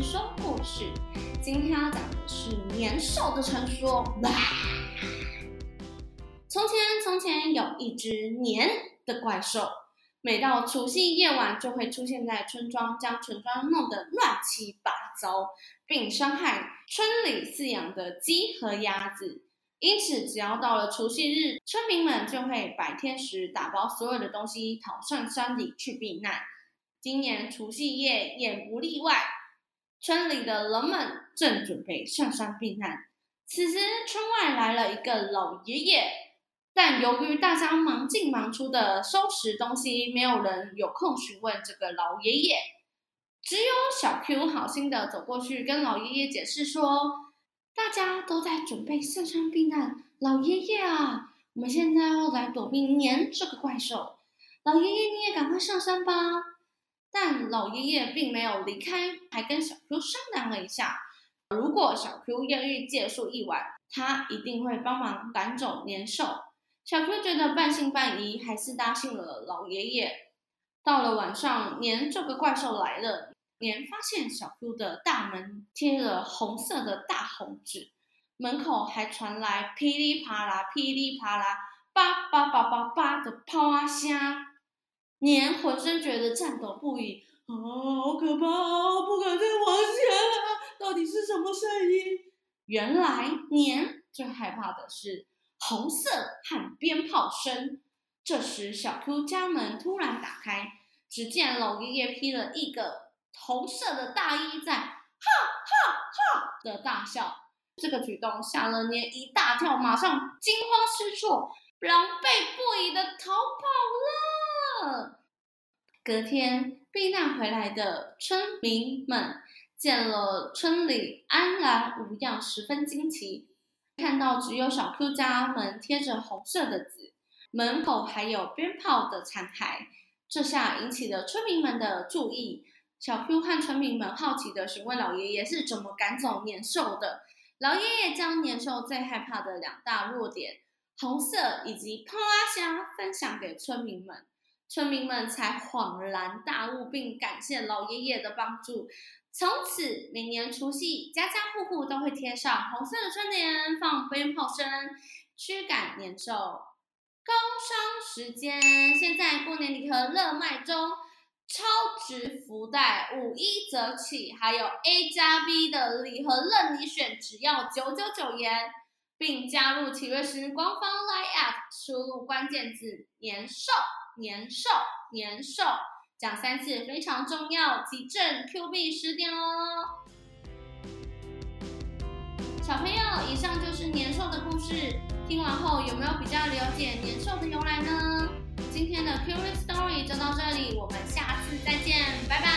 說故事，今天要講的是年獸的傳說。啊，從前，從前有一隻年的怪獸，每到除夕夜晚就會出現在村莊，將村莊弄得亂七八糟，並傷害村裡飼養的雞和鴨子。因此，只要到了除夕日，村民們就會白天時打包所有的東西，逃上山裡去避難。今年除夕夜也不例外。村裡的人們正準備上山避難，此時村外來了一個老爺爺，但由於大家忙進忙出的收拾東西，沒有人有空詢問這個老爺爺。只有小 Q 好心的走過去跟老爺爺解釋說：“大家都在準備上山避難，老爺爺啊，我們現在要來躲避年這個怪獸，老爺爺你也趕快上山吧。”但老爺爺並沒有離開，還跟小 Q 商量了一下，如果小 Q 願意借宿一晚，他一定會幫忙趕走年獸。小 Q 覺得半信半疑，還是答應了老爺爺。到了晚上，年這個怪獸來了，年發現小 Q 的大門貼了紅色的大紅紙，門口還傳來噼里啪啦、噼里啪啦、叭叭叭叭叭的炮響聲。年渾身覺得顫抖不已，哦，好可怕，不敢再往前了。到底是什麼聲音？原來年最害怕的是紅色和鞭炮聲。這時，小 Q 家門突然打開，只見老爺爺披了一個紅色的大衣在，在哈哈哈的大笑。這個舉動嚇了年一大跳，馬上驚慌失措、狼狽不已的逃跑了。隔天避難回來的村民們見了村裡安然無恙，十分驚奇。看到只有小 Q 家門貼着紅色的紙，門口還有鞭炮的殘骸，這下引起了村民們的注意。小 Q 和村民們好奇地詢問老爺爺是怎麼趕走年獸的。老爺爺將年獸最害怕的兩大弱點——紅色以及啪啦聲，分享給村民們。村民們才恍然大悟，並感謝老爺爺的幫助。從此，每年除夕，家家戶戶都會貼上紅色的春聯，放鞭炮聲，驅趕年獸。工商時間，現在過年禮盒熱賣中，超值福袋五一折起，還有 A 加 B 的禮盒任你選，只要九九九元，並加入奇瑞斯官方 Live App。輸入關鍵字“年獸”，年獸，年獸，講三次非常重要，即贈 Q 幣十點哦。小朋友，以上就是年獸的故事，聽完後有沒有比較了解年獸的由來呢？今天的 Q 幣 story 就到這裡，我們下次再見，拜拜。